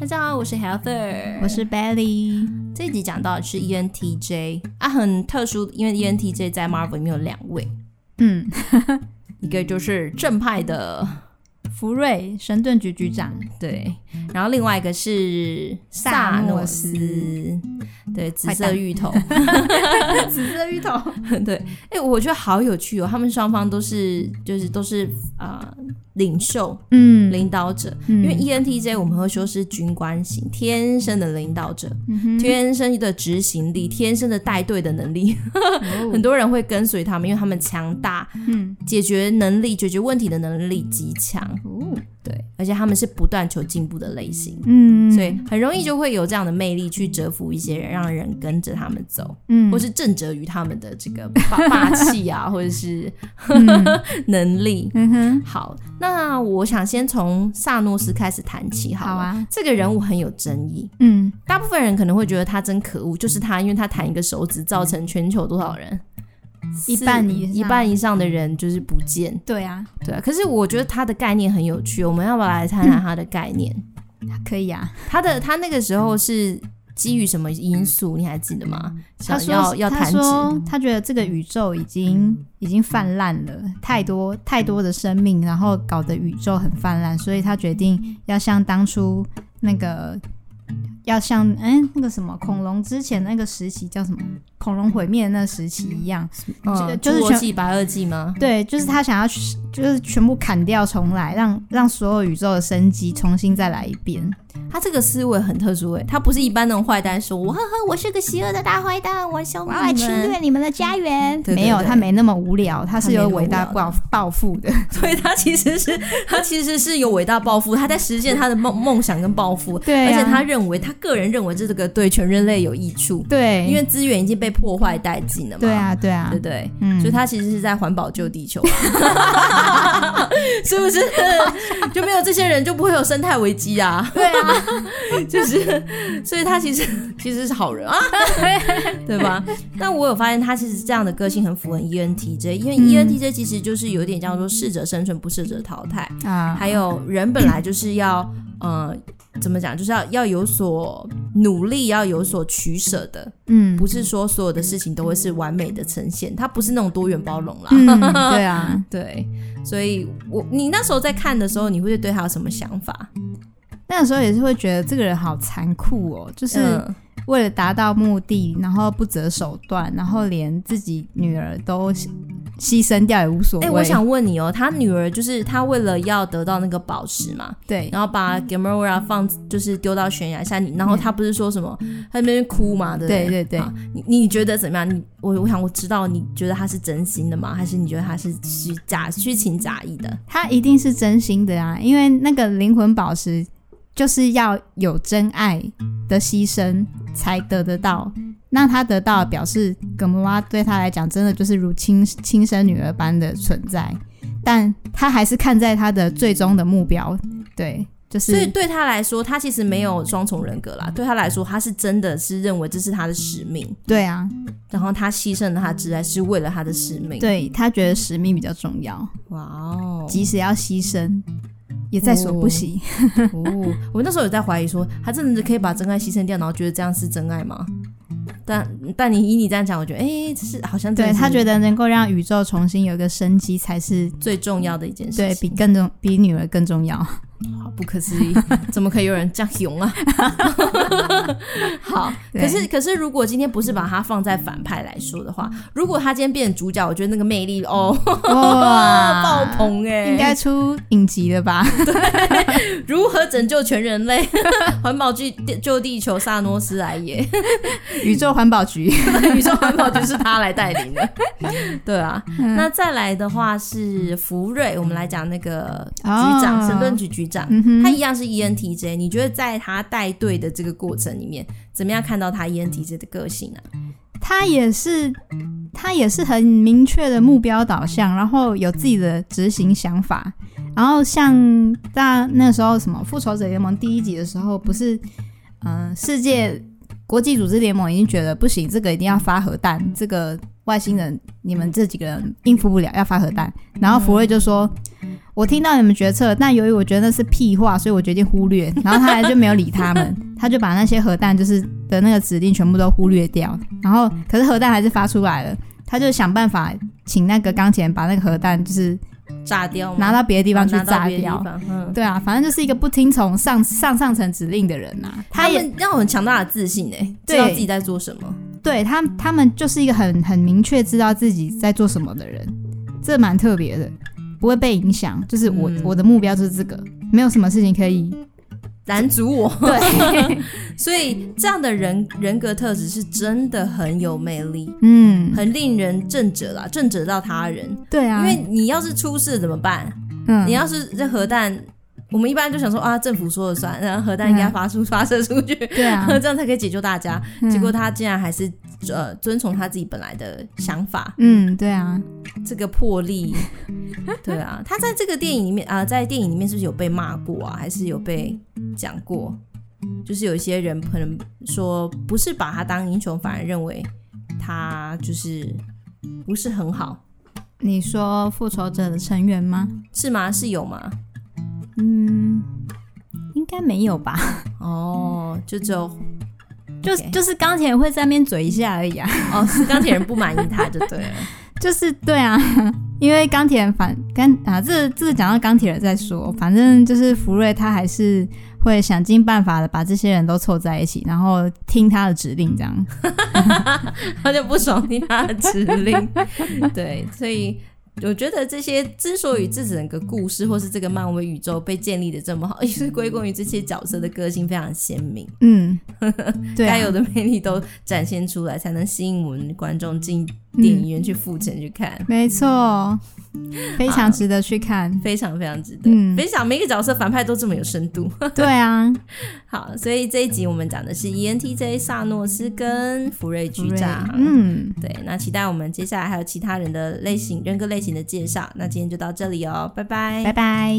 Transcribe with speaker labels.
Speaker 1: 大家好，我是 Heather，我是 b a l l y，這一集講到的是 ENTJ，啊，很特殊，因為 ENTJ 在 Marvel 裡面有兩位，嗯， 一個就是正派的。福瑞，神盾局局長，對，然後另外一個是薩諾斯、斯、嗯，對，紫色芋頭， 紫色芋頭，對，哎、欸，我覺得好有趣哦，他們雙方都是，就是都是、呃、領袖，嗯，領導者，嗯、因為 ENTJ 我們會說是軍官型，天生的領導者，嗯
Speaker 2: 哼，天
Speaker 1: 生的執行力，天生的帶隊的能力、哦，很多人會跟隨他們，因為他們強大，
Speaker 2: 嗯，
Speaker 1: 解決能力，解決問題的能力極強。嗯，對，而且他們是不斷求進步的類型，嗯，所以很容易就會有這樣的魅力去折服一些人，讓人跟着他們走，嗯，或是震懾於他們的這個霸霸氣啊！ 或者是、嗯、 能力、嗯哼。好，那我想先從薩諾斯開始談起好。好啊，這個人物很有爭議，
Speaker 2: 嗯，
Speaker 1: 大部分人可能會覺得他真可惡，就是他，因為他彈一個手指造成全球多少人，
Speaker 2: 一半、一半以
Speaker 1: 上的人就是不見，對啊，對啊。可是我覺得他的概念很有趣，我們要不要來談談他的概念？可以啊，他的、他那個時候是基於什麼因素？你還記得嗎？他說要、他說
Speaker 2: 他覺得這個宇宙已經、已經泛濫了太多太多的生命，然後搞得宇宙很泛濫，所以他決定要像當初那個。要像哎，那個什麼恐龍之前那個時期叫什麼？恐龍毀滅那時期一樣，嗯、就，就是侏羅紀白堊紀嗎？對，就是他想要，就是全部砍掉重來，讓讓所有宇宙的生機重新再來一遍。他這個思維很特殊哎、欸，
Speaker 1: 他不是一般那種壞蛋，說“我呵呵，我是個邪惡的大壞蛋，我想我侵略你
Speaker 2: 們的家園。對對對”沒有，沒有，他沒那麼無聊，他是有偉大抱抱負的。
Speaker 1: 所以，他其實是他其實是有偉大抱負，他在實現他的夢夢想跟抱負。對、啊，而且他認為他個人認為這是個對全人類有益處。對，因為資源已經被破壞殆盡了嘛。對啊，對啊，對對，對？嗯，所以他其實是在環保救地球。 是不是，就沒有這些人，就不會有生態危機啊？對啊， 就是，所以他其實其實是好人啊， 對吧？ 但我有發現他其實這樣的個性很符合 ENTJ，因為 ENTJ 其實就是有點像說適者生存，不適者淘汰啊、嗯，還有人本來就是要。呃，怎麼講？就是要要有所努力，要有所取捨的。嗯，不是說所有的事情都會是完美的呈現，它不是那種多元包容啦。嗯、對啊， 對。所以我你那時候在看的時候，你會對他有什麼想法？
Speaker 2: 那個時候也是會覺得這個人好殘酷哦，就是為了達到目的，然後不擇手段，然後連自己女兒都犧牲掉也無所謂。哎、欸，我想
Speaker 1: 問你哦，他女兒就是他為了要得到那個寶石嘛，
Speaker 2: 對，然後把
Speaker 1: Gamora 放就是丟到懸崖下，你，然後他不是說什麼、嗯、他在那邊哭嘛，對不對？對對對。你你覺得怎麼樣？你我我想我知道，你覺得他是真心的嗎？還是你覺得他是虛
Speaker 2: 假虛情假意的？他一定是真心的啊，因為那個靈魂寶石就是要有真愛的犧牲才得得到。那他得到表示，葛摩菈對他來講真的就是如親親生女兒般的存在，但他還是看在他的最終的目標，對，就是所以對
Speaker 1: 他來說，他其實沒有雙重人格啦。對他來說，他是真的是認為這是他的使命，對啊，然後他犧牲了他摯愛是為了他的使命，對
Speaker 2: 他覺得使命比較重要，哇、wow、哦，即使要犧牲
Speaker 1: 也在所不惜。哦，哦 我們那時候有在懷疑說，他真的可以把真愛犧牲掉，然後覺得這樣是真愛嗎？但但
Speaker 2: 你以你這樣講，我覺得哎，欸、這是好
Speaker 1: 像是對他覺得能
Speaker 2: 夠讓宇宙重新有一個生機才是最重要的一件事情，對，比更重，比女兒更重要。好不可思議，怎麼可以有人這樣勇啊？
Speaker 1: 好，可是可是，如果今天不是把它放在反派來說的話，如果他今天變主角，我覺得那個魅力哦，哇、哦， 爆棚
Speaker 2: 哎、欸，應該出影集了吧？ 對，
Speaker 1: 如何拯救全人類？環 保局救地球，薩諾斯來也！
Speaker 2: 宇宙環保局，
Speaker 1: 宇宙環保局是他來帶領的， 對啊、嗯。那再來的話是福瑞，我們來講那個局長，神、哦、盾局局長。嗯哼，他一樣是 ENTJ，你覺得在他帶隊的這個過程裡面，怎麼樣看到他 ENTJ 的個性啊？他
Speaker 2: 也是，他也是很明確的目標導向，然後有自己的執行想法。然後像在那時候什麼《復仇者聯盟》第一集的時候，不是，嗯、呃，世界國際組織聯盟已經覺得不行，這個一定要發核彈，這個。外星人，你們這幾個人應付不了，要發核彈。然後福瑞就說、嗯：“我聽到你們決策，但由於我覺得那是屁話，所以我決定忽略。”然後他還就沒有理他們， 他就把那些核彈就是的那個指令全部都忽略掉。然後，可是核彈還是發出來了，他就想辦法請那個鋼鐵人把那個核彈就是
Speaker 1: 炸掉，拿到別的地方去炸掉、啊嗯。對
Speaker 2: 啊，反正就是一個不聽從上，上上上層指令的人吶、啊。他
Speaker 1: 們要很強大的自信呢，知道自己在做什
Speaker 2: 麼。對他，他們就是一個很很明確知道自己在做什麼的人，這蠻特別的，不會被影響。就是我、嗯、我的目標就是這個，沒有什麼事情可以攔阻我。對，
Speaker 1: 所以這樣的人人格特質是真的很有魅力，
Speaker 2: 嗯，很
Speaker 1: 令人震懾啦，震懾到他人。對啊，因為你要是出事怎麼辦？
Speaker 2: 嗯，你要是
Speaker 1: 這核彈。我們一般就想說啊，政府說了算，然後核彈應該發出、yeah. 發射出去，對啊，這樣才可以解救大家。嗯、結果他竟然還是呃遵從他自己本來的想法，嗯，對啊，這個魄力， 對啊。他在這個電影裡面啊、呃，在電影裡面是不是有被罵過啊？還是有被講過？就是有一些人可能說不是把他當英雄，反而認為他就是不是很好。
Speaker 2: 你說復仇者的成員嗎？是嗎？是有嗎？嗯，應該沒有吧？哦，就只有，就、 okay. 就是、就是鋼鐵人會在那邊嘴一下而已啊。哦，鋼鐵人不滿意他就對了， 就是對啊，因為鋼鐵人反啊，這個、這個講到鋼鐵人在說，反正就是福瑞他還是會想盡辦法的把這些人都湊在一起，然後聽他的指令，這樣
Speaker 1: 他就不爽聽他的指令， 對，所以。我覺得這些之所以這整個故事或是這個漫威宇宙被建立的這麼好，也是歸功於這些角色的個性非常鮮明，嗯， 對、啊，該有的魅力都展現出來，才能吸引我們觀眾進電影院去付錢去看。嗯、
Speaker 2: 沒錯。非常值得去看，非常非常值得。嗯，
Speaker 1: 分享每個角色反派都這麼有深度。 對啊，好，所以這一集我們講的是 E N T J 薩諾斯跟福瑞局長瑞。嗯，對。那期待我們接下來還有其他人的類型、人格類型的介紹。那今天就到這裡哦，拜拜，拜拜。